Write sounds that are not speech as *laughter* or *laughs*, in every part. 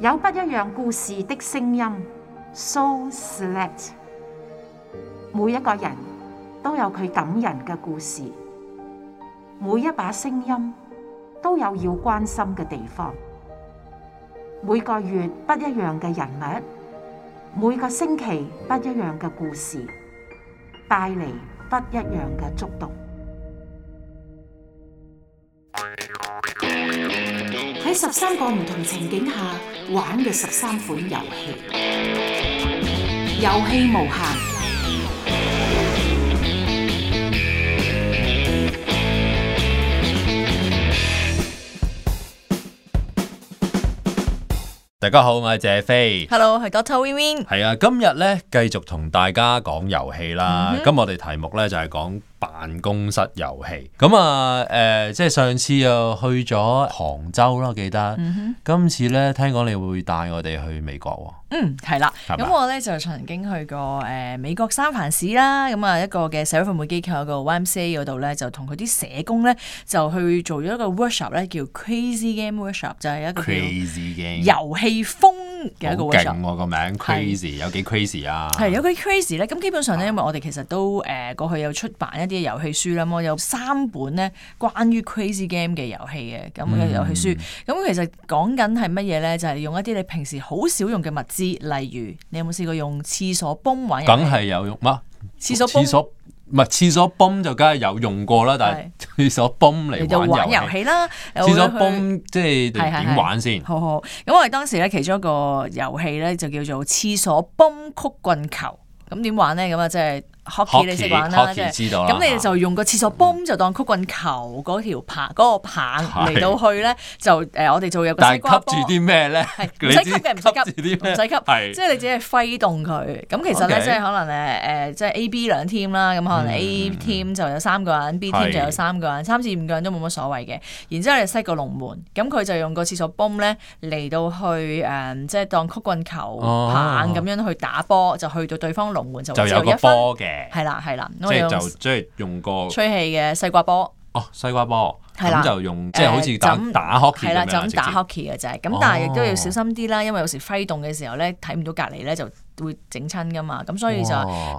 有不一樣故事的聲音，So select。每一個人都有佢感人嘅故事，每一把聲音都有要關心嘅地方。每個月不一樣嘅人物，每個星期不一樣嘅故事，帶嚟不一樣嘅觸動。十三個唔同情景下玩嘅十三款遊戲，遊戲無限。大家好，我係謝飛。Hello，我係 Dr. Win Win。係啊，今日咧，繼續同大家講遊戲啦。咁我哋題目咧就係講。辦公室遊戲咁啊，誒、呃，即係上次又去咗杭州咯，記得。Mm hmm. 今次咧，聽講你會帶我哋去美國，哦。嗯，係啦，咁吧我咧就曾經去過誒、呃、美國三藩市啦，咁啊一個嘅社會服務機構一個 YMCA 嗰度咧，就同佢啲社工咧就去做咗一個 workshop 咧，叫 Crazy Game Workshop，就係一個叫 Crazy Game 遊戲風。好勁喎個、啊、名 crazy 是有幾 crazy 啊？係有幾 crazy 咧？咁基本上咧，因為我哋其實都誒、呃、過去有出版一啲遊戲書啦，咁有三本咧關於 crazy game 嘅遊戲嘅咁嘅遊戲書。咁、那個嗯、其實講緊係乜嘢咧？就係、是、用一啲你平時好少用嘅物資，例如你有冇試過用廁所泵位？梗係有用嘛！廁所泵。.唔係廁所泵就梗係有用過啦，但係廁所泵嚟玩遊戲啦，廁所泵即係點玩先？係係係好好咁因為當時咧其中一個遊戲咧就叫做廁所泵曲棍球，咁點玩咧？咁啊即係。Hockey 你識玩啦，咁你就用個廁所泵，就當曲棍球嗰條棒嗰個棒嚟到去咧，就誒我哋就會有個西瓜。但係吸住啲咩咧？唔使吸嘅，唔使吸，唔使吸，即係你只係揮動佢。咁其實咧，即係可能誒誒，即係 A、B 兩 team 啦，咁可能 A team 就有三個人，B team 就有三個人，三至五個人都冇乜所謂嘅。然之後你塞個龍門，咁佢就用個廁所泵 o 咧嚟到去誒，即係當曲棍球棒咁樣去打波，就去到對方龍門就就有個波嘅。係啦，係啦，我用即係用個吹氣嘅西瓜波哦，西瓜波，咁就用即係好似打打 hockey，係啦，打 hockey 嘅啫。咁但係亦都要小心啲啦，因為有時揮動嘅時候咧，睇唔到隔籬咧，就會整親噶嘛。咁所以就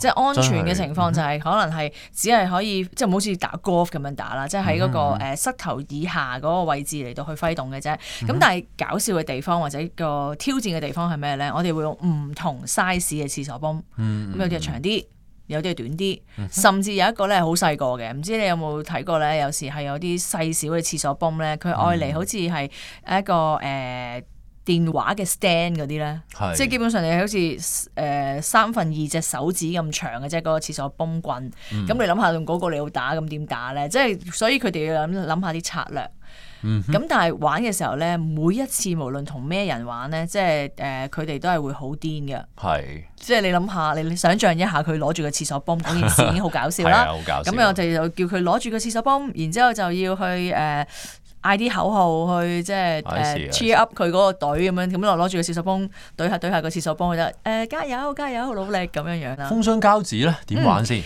即係安全嘅情況就係可能係只係可以即係好似打 golf 咁樣打啦，即係喺嗰個誒膝頭以下嗰個位置嚟到去揮動嘅啫。咁但係搞笑嘅地方或者個挑戰嘅地方係咩咧？我哋會用唔同 size 嘅廁所泵，咁有啲就長啲。有啲係短啲，嗯、哼甚至有一個咧係好細個嘅，唔知你有冇睇過咧？有時係有啲細小嘅廁所泵咧，佢用嚟好似係一個誒、嗯呃、電話嘅 stand 嗰啲咧，是即係基本上你好似誒、呃、三分二隻手指咁長嘅啫，嗰、嗰個廁所泵棍。咁、嗯、你諗下用嗰個你要打咁點打咧？即係所以佢哋要諗諗下啲策略。咁、嗯、但係玩嘅時候咧，每一次無論同咩人玩咧，即係誒佢哋都係會好癲嘅。係是。即係你諗下，你想象一下佢攞住個廁所泵嗰 *laughs* 件事已經好搞笑啦。咁、 *laughs* 啊、我哋就叫佢攞住個廁所泵，然之後就要去誒嗌啲口號去即係 cheer up 佢嗰個隊咁樣，咁攞攞住個廁所泵，隊下隊下個廁所泵，佢就加油加油努力咁樣樣啦。封箱膠紙咧點玩先？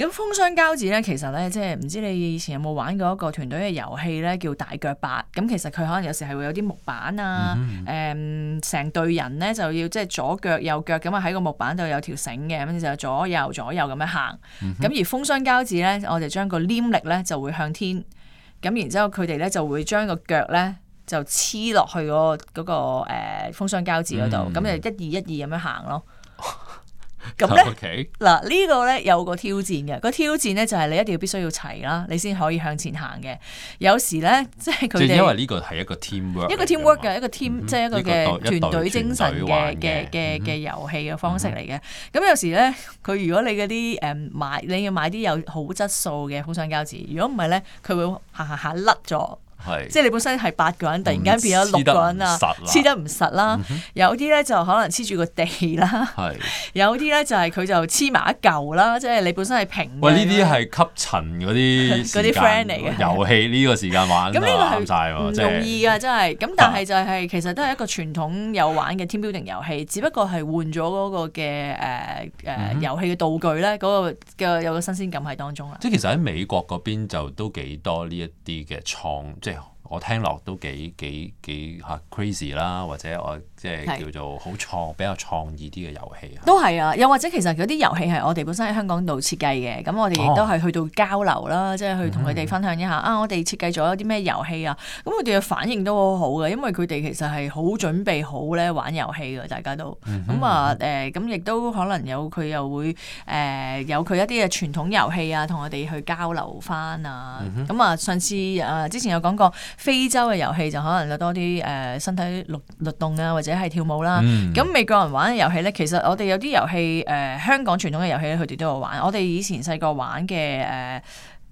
咁封箱交趾咧，其實咧，即係唔知你以前有冇玩過一個團隊嘅遊戲咧，叫大腳八。咁其實佢可能有時係會有啲木板啊，誒、mm，成、hmm。嗯、隊人咧就要即係左腳右腳咁啊喺個木板度有條繩嘅，咁就左右左右咁樣行。咁、mm hmm。而封箱膠紙咧，我哋將個黏力咧就會向天。咁然之後佢哋咧就會將個腳咧就黐落去嗰、那個封箱膠紙嗰度，咁、那個 mm hmm。就一二一二咁樣行咯。咁咧，嗱呢 Okay?、呢個咧有個挑戰嘅，個挑戰咧就係你一定要必須要齊啦，你先可以向前行嘅。有時咧，即係佢哋因為呢個係一個 teamwork，一個 teamwork 嘅、嗯、哼一個 team，即係一個嘅團隊精神嘅嘅嘅嘅遊戲嘅方式嚟嘅。咁、嗯、哼有時咧，佢如果你嗰啲誒買你要買啲有好質素嘅封箱膠紙，如果唔係咧，佢會行行吓甩咗。是即係你本身係八個人，突然間變咗六個人啊，黐得唔實啦，實嗯、哼有啲咧就可能黐住個地啦，嗯、哼有啲咧就係、是、佢就黐埋一嚿啦，即係你本身係平。喂，呢啲係吸塵嗰啲 friend 嚟嘅遊戲呢個時間玩，咁呢 *laughs* 個係唔容易㗎，真係、 *laughs* 就是。咁但係就係、是、其實都係一個傳統有玩嘅 team building 遊戲，只不過係換咗嗰個嘅誒誒遊戲嘅道具咧，嗰、那個嘅、那個、有個新鮮感喺當中啦。即係其實喺美國嗰邊就都幾多呢一啲嘅創。我聽落都幾幾幾嚇 crazy 啦，或者我、啊、即係叫做好創比較創意啲嘅遊戲啊！都係啊，又或者其實嗰啲遊戲係我哋本身喺香港度設計嘅，咁我哋亦都係去到交流啦，哦、即係去同佢哋分享一下、嗯、哼啊！我哋設計咗一啲咩遊戲啊？咁佢哋嘅反應都好好嘅，因為佢哋其實係好準備好咧玩遊戲嘅，大家都咁、嗯、哼啊誒，咁、呃、亦都可能有佢又會誒、呃、有佢一啲嘅傳統遊戲啊，同我哋去交流返啊！咁、嗯、哼啊，上次誒之前有講過。非洲嘅遊戲就可能有多啲誒身體律律動啊，或者係跳舞啦。咁、嗯、美國人玩嘅遊戲咧，其實我哋有啲遊戲誒、呃，香港傳統嘅遊戲，佢哋都有玩。我哋以前細個玩嘅誒、呃，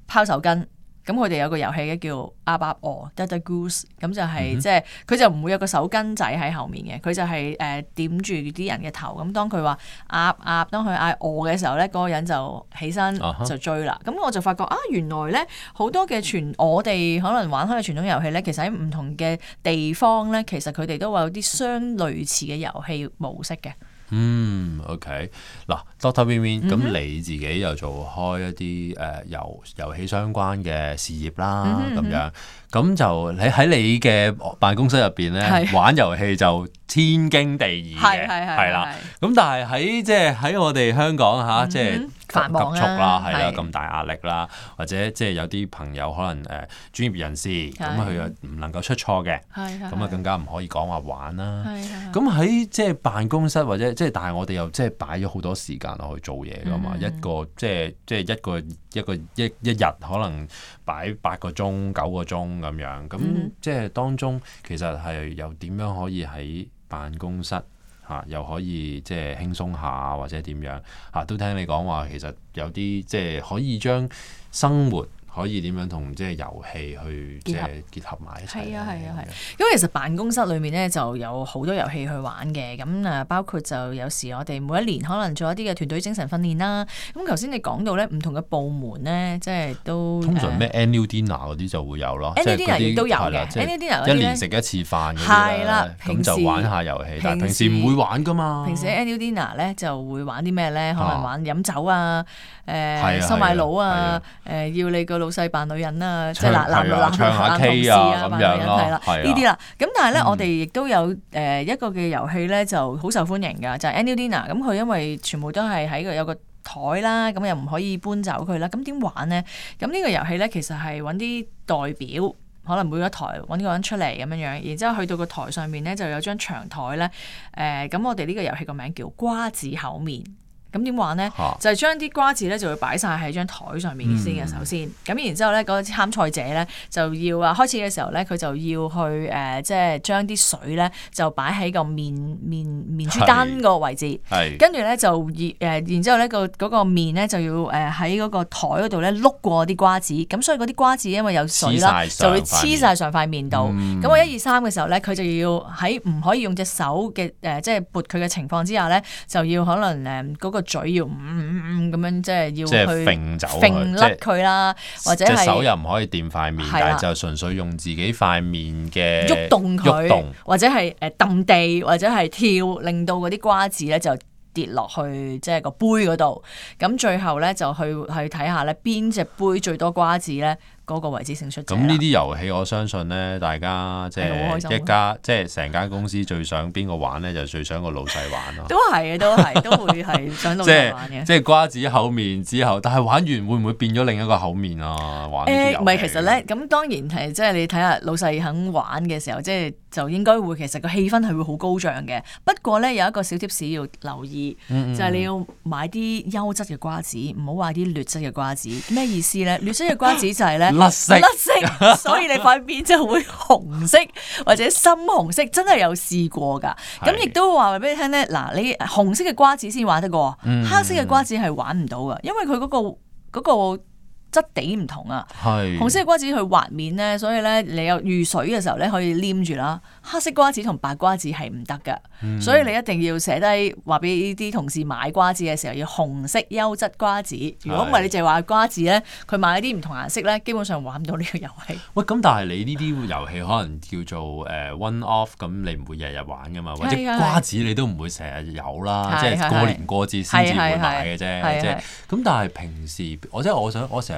拋手巾。咁佢哋有個遊戲嘅叫鴨鴨鵝，Duck Duck Goose，咁就係、是嗯、哼即係佢就唔會有個手巾仔喺後面嘅，佢就係、是、誒、呃、點住啲人嘅頭，咁當佢話鴨鴨，當佢嗌餓嘅時候咧，嗰個人就起身、啊、哼就追啦。咁我就發覺啊，原來咧好多嘅傳，我哋可能玩開嘅傳統遊戲咧，其實喺唔同嘅地方咧，其實佢哋都會有啲相類似嘅遊戲模式嘅。嗯，OK，嗱，Doctor Win Win，咁你自己又做開一啲誒遊遊戲相關嘅事業啦，咁樣。咁就你喺你嘅辦公室入邊咧玩遊戲就天經地義嘅，係啦。咁但係喺即係喺我哋香港吓，即係急促啦，係啦，咁大壓力啦，或者即係有啲朋友可能誒專業人士，咁佢又唔能夠出錯嘅，咁啊更加唔可以講話玩啦。咁喺即係辦公室或者即係，但係我哋又即係擺咗好多時間落去做嘢㗎嘛，一個即係即係一個一個一一日可能擺八個鐘九個鐘。咁樣，咁即係當中其實係又點樣可以喺辦公室吓、啊，又可以即係輕鬆下或者點樣吓、啊、都聽你講話，其實有啲即係可以將生活。可以點樣同即係遊戲去結合結合埋一齊？係啊係啊係，因為其實辦公室裏面咧就有好多遊戲去玩嘅，咁啊包括就有時我哋每一年可能做一啲嘅團隊精神訓練啦。咁頭先你講到咧唔同嘅部門咧，即係都通常咩 annual dinner 嗰啲就會有咯。annual dinner 亦都有嘅 annual dinner 一年食一次飯嘅啦，咁就玩下遊戲。但平時唔會玩㗎嘛。平時 annual dinner 咧就會玩啲咩咧？可能玩飲酒啊，誒收買佬啊，誒要你個老。老細扮女人唱啊，即係男唱男男男 K 男同事啊，扮、啊、女人係啦，呢啲啦。咁但係咧，我哋亦都有誒一個嘅遊戲咧，就好受歡迎㗎，就係、是、Annual Dinner。咁佢因為全部都係喺個有個台啦，咁又唔可以搬走佢啦。咁點玩咧？咁、這、呢個遊戲咧，其實係揾啲代表，可能每個一，個一個台揾個人出嚟咁樣樣，然之後去到個台上面咧，就有張長台咧。誒，咁我哋呢個遊戲個名叫瓜子口面。咁點、嗯、玩咧？就係、是、將啲瓜子咧，就會擺晒喺張台上面先嘅。首先，咁、嗯、然之後咧，嗰、那、啲、個、參賽者咧就要啊開始嘅時候咧，佢就要去誒，即、呃、係、就是、將啲水咧就擺喺個面面面珠墩個位置。跟住咧就熱、呃、然之後咧個嗰個面咧就要誒喺嗰個台嗰度咧碌過啲瓜子。咁所以嗰啲瓜子因為有水啦，上就會黐晒上塊面度。咁我一二三嘅時候咧，佢就要喺唔可以用隻手嘅誒、呃，即係撥佢嘅情況之下咧，就要可能誒、那、嗰、個.個嘴要咁樣，即係要去，即係揈甩佢啦，或者隻手又唔可以掂塊面，的但係就純粹用自己塊面嘅喐動佢，動動或者係誒揼地，或者係跳，令到嗰啲瓜子咧就跌落去，即係個杯嗰度。咁最後咧就去去睇下咧邊隻杯最多瓜子咧。嗰個位置勝出。咁呢啲遊戲，我相信咧，大家即係一家，即係成間公司最想邊個玩咧，就是、最想個老細玩咯、啊。 *laughs* 都係啊，都係，都會係想老細玩嘅。即係、 *laughs* 就是就是、瓜子口面之後，但係玩完會唔會變咗另一個口面啊？玩啲遊戲。誒唔係，其實咧，咁當然係，即、就、係、是、你睇下老細肯玩嘅時候，即、就、係、是。就應該會，其實個氣氛係會好高漲嘅。不過咧，有一個小 tips 要留意，嗯、就係你要買啲優質嘅瓜子，唔好話啲劣質嘅瓜子。咩意思咧？劣質嘅瓜子就係咧，綠 *laughs* 色，色， *laughs* 所以你塊面就會紅色或者深紅色。真係有試過噶。咁亦是都話俾你聽咧，嗱，你紅色嘅瓜子先玩得過，嗯、黑色嘅瓜子係玩唔到噶，因為佢嗰個嗰個。嗰個質地唔同啊，是紅色嘅瓜子去滑面咧，所以咧你有遇水嘅時候咧可以黏住啦。黑色瓜子同白瓜子係唔得㗎，嗯、所以你一定要寫低話俾呢啲同事買瓜子嘅時候要紅色優質瓜子。如果唔係你淨係話瓜子咧，佢買啲唔同顏色咧，基本上玩唔到呢個遊戲。喂，咁但係你呢啲遊戲可能叫做誒 one off，咁你唔會日日玩噶嘛？或者瓜子你都唔會成日有啦，即係過年過節先至會買嘅啫。即係咁，是是但係平時我即係我想我成日。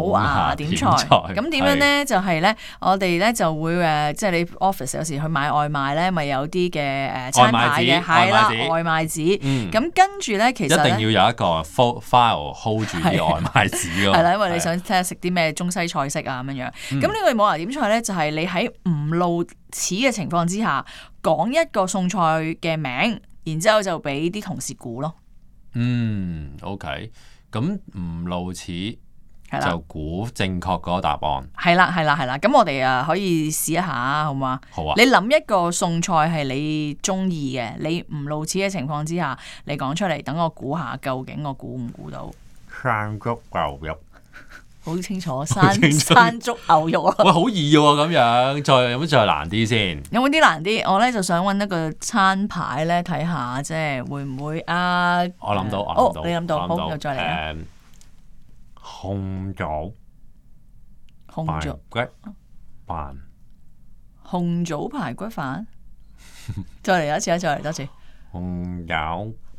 冇牙點菜，咁點才樣咧是？就係咧，我哋咧就會誒，即係你 office 有時去買外賣咧，咪有啲嘅誒餐牌嘅係啦、外賣紙。嗯，咁跟住咧，其實一定要有一個 file hold 住嘅外賣紙咯。係啦是， *laughs* 因為你想睇下食啲咩中西菜式啊，咁樣樣。咁呢、嗯、個冇牙、啊、點菜咧，就係、是、你喺唔露齒嘅情況之下講一個餸菜嘅名，然之後就俾啲同事估咯。嗯，OK，咁唔露齒。就估正確嗰答案、啊。係啦，係啦，係啦。咁我哋啊可以試一下，好唔好啊？好啊！你諗一個餸菜係你中意嘅，你唔露齒嘅情況之下，你講出嚟，等我估下究竟我估唔估到？山竹牛肉。好清楚，山山竹牛肉。喂、 *laughs* 哎，好易喎、啊，咁樣再有冇再難啲先？有冇啲難啲？我咧就想揾一個餐牌咧睇下即係，會唔會啊？我諗到，我諗到。哦、你諗到，我諗到好，好，再嚟紅棗排骨飯，紅棗排骨飯，再嚟一次，再嚟多次，紅棗。 *laughs*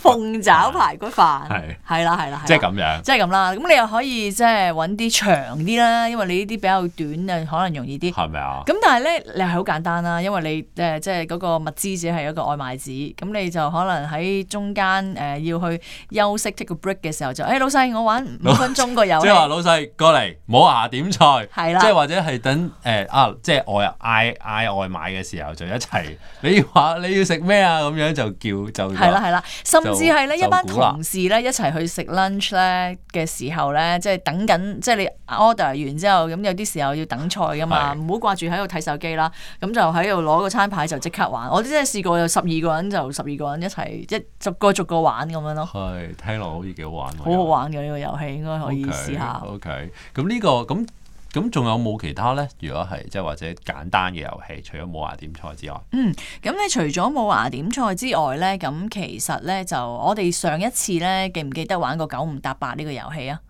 鳳爪排骨飯，係係啦係啦，即係咁樣，即係咁啦。咁你又可以即係揾啲長啲啦，因為你呢啲比較短嘅可能容易啲，係咪啊？咁但係咧，你係好簡單啦，因為你誒、呃、即係嗰個物資只係一個外賣紙，咁你就可能喺中間誒、呃、要去休息 take 個 break 嘅時候就誒、hey，老細我玩五分鐘個遊戲， *laughs* 即係話老細過嚟冇牙點菜係啦，的即係或者係等誒、呃、啊，即係外嗌嗌外賣嘅時候就一齊，你話你要食咩啊咁樣就叫就係啦係啦。甚至係咧一班同事咧一齊去食 lunch 咧嘅時候咧，即係等緊，即係你 order 完之後，咁有啲時候要等菜㗎嘛，唔好是掛住喺度睇手機啦。咁就喺度攞個餐牌就即刻玩。我真係試過有十二個人就十二個人一齊，一逐個逐個玩咁樣咯。係，聽落好似幾好玩喎。好好玩嘅呢人個遊戲應該可以試下。OK，咁、okay. 呢、呢個咁。咁仲有冇其他咧？如果係即係或者簡單嘅遊戲，除咗冇牙點菜之外，嗯，咁你除咗冇牙點菜之外咧，咁其實咧就我哋上一次咧記唔記得玩過九唔搭八個呢個遊戲啊？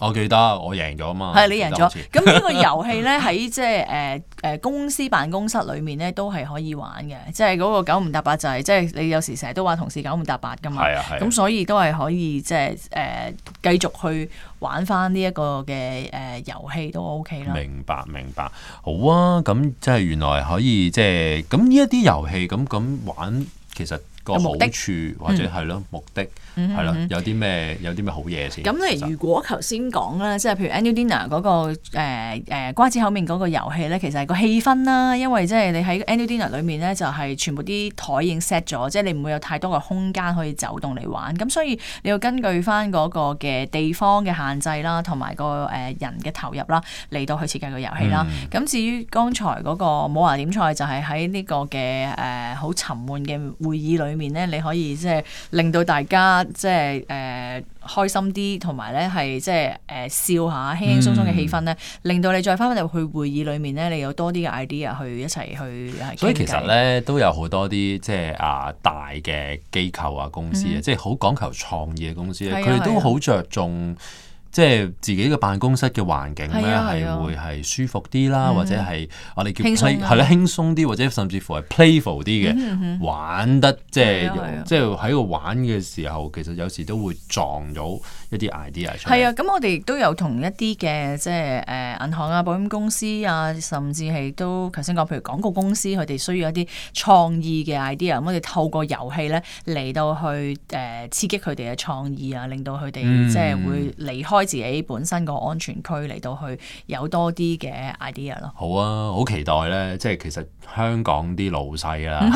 我記得我贏咗吖嘛，係你贏咗。咁呢個遊戲咧喺即係誒誒公司辦公室裏面咧都係可以玩嘅，即係嗰個九唔搭八就係即係你有時成日都話同事九唔搭八噶嘛，咁所以都係可以即係誒繼續去玩翻呢一個嘅誒、呃、遊戲都 OK 啦。明白明白，好啊，咁即係原來可以即係咁呢一啲遊戲咁咁玩，其實。個好處目的或者係咯、嗯、目的係啦，有啲咩有啲咩好嘢先？咁咧、嗯，在你如果頭先講啦，即係譬如 annual dinner 嗰、那個誒、呃呃、瓜子口面嗰個遊戲咧，其實係個氣氛啦，因為即係你喺 annual dinner 裏面咧，就係全部啲枱已經 set 咗，嗯、即係你唔會有太多嘅空間可以走動嚟玩。咁所以你要根據返嗰個嘅地方嘅限制啦，同埋個誒人嘅投入啦，嚟到去設計個遊戲啦。咁、嗯、至於剛才嗰、那個冇話點菜，就係喺呢個嘅誒好沉悶嘅會議裏裏面咧，你可以即、就、係、是、令到大家即係誒開心啲，同埋咧係即係誒笑下，輕輕鬆鬆嘅氣氛咧，嗯、令到你再翻入去會議裏面咧，你有多啲嘅 idea 去一齊去。所以其實咧都有好多啲即係啊大嘅機構啊公司啊，嗯、即係好講求創業嘅公司咧，佢哋、嗯、都好着重。即係自己嘅辦公室嘅環境咧、啊，係、啊、會係舒服啲啦，嗯、或者係我哋叫係咧輕鬆啲，或者甚至乎係 playful 啲嘅，嗯嗯嗯、玩得即係、啊啊、即係喺度玩嘅時候，其實有時都會撞到一啲 idea 出嚟。係啊，咁我哋亦都有同一啲嘅，即係誒銀行啊、保險公司啊，甚至係都頭先講譬如廣告公司，佢哋需要一啲創意嘅 idea，咁我哋透過遊戲咧嚟到去誒、呃、刺激佢哋嘅創意啊，令到佢哋、嗯、即係會離開。自己本身個安全區嚟到去有多啲嘅 idea 咯。好啊，好期待咧！即係其實香港啲老細啦，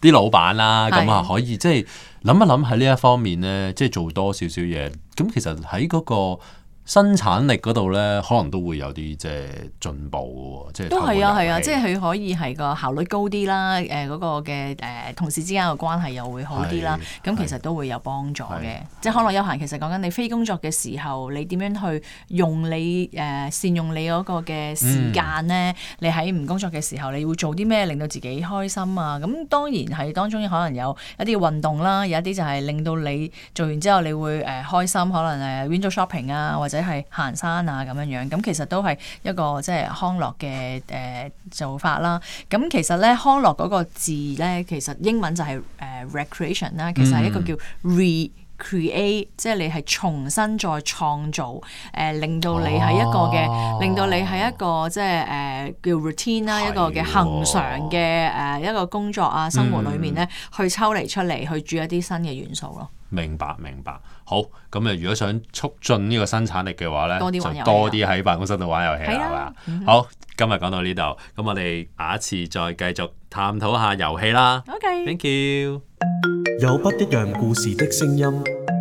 啲老闆啦，咁啊 *laughs* 的可以即係諗一諗喺呢一方面咧，即係做多少少嘢。咁其實喺嗰個生產力嗰度咧，可能都會有啲即係進步，即係都係啊，係啊，即係佢可以係個效率高啲啦，誒、呃、嗰、那個嘅誒、呃、同事之間嘅關係又會好啲啦，咁的其實的都會有幫助嘅。即係康樂休閒，其實講緊你非工作嘅時候，你點樣去用你誒、呃、善用你嗰個嘅時間咧？嗯、你喺唔工作嘅時候，你會做啲咩令到自己開心啊？咁當然係當中可能有一啲運動啦，有一啲就係令到你做完之後你會誒開心，可能誒 window shopping 啊，或者～或者係行山啊咁樣樣，咁其實都係一個即係康樂嘅誒、呃、做法啦。咁其實咧康樂嗰個字咧，其實英文就係誒 recreation 啦，呃、Rec re ation，其實係一個叫 recreate、嗯、即係你係重新再創造，誒令到你喺一個嘅，令到你喺一個即係誒叫 routine 啦，啊、一個嘅恒、呃啊、常嘅誒、呃、一個工作啊生活裏面咧，嗯、去抽離出嚟去注一啲新嘅元素咯。明白明白，好咁啊！如果想促進呢個生產力嘅話呢就多啲喺辦公室度玩遊戲，係咪啊？好，今日講到呢度，咁我哋下一次再繼續探討下遊戲啦。OK，thank you，有不一樣故事的聲音。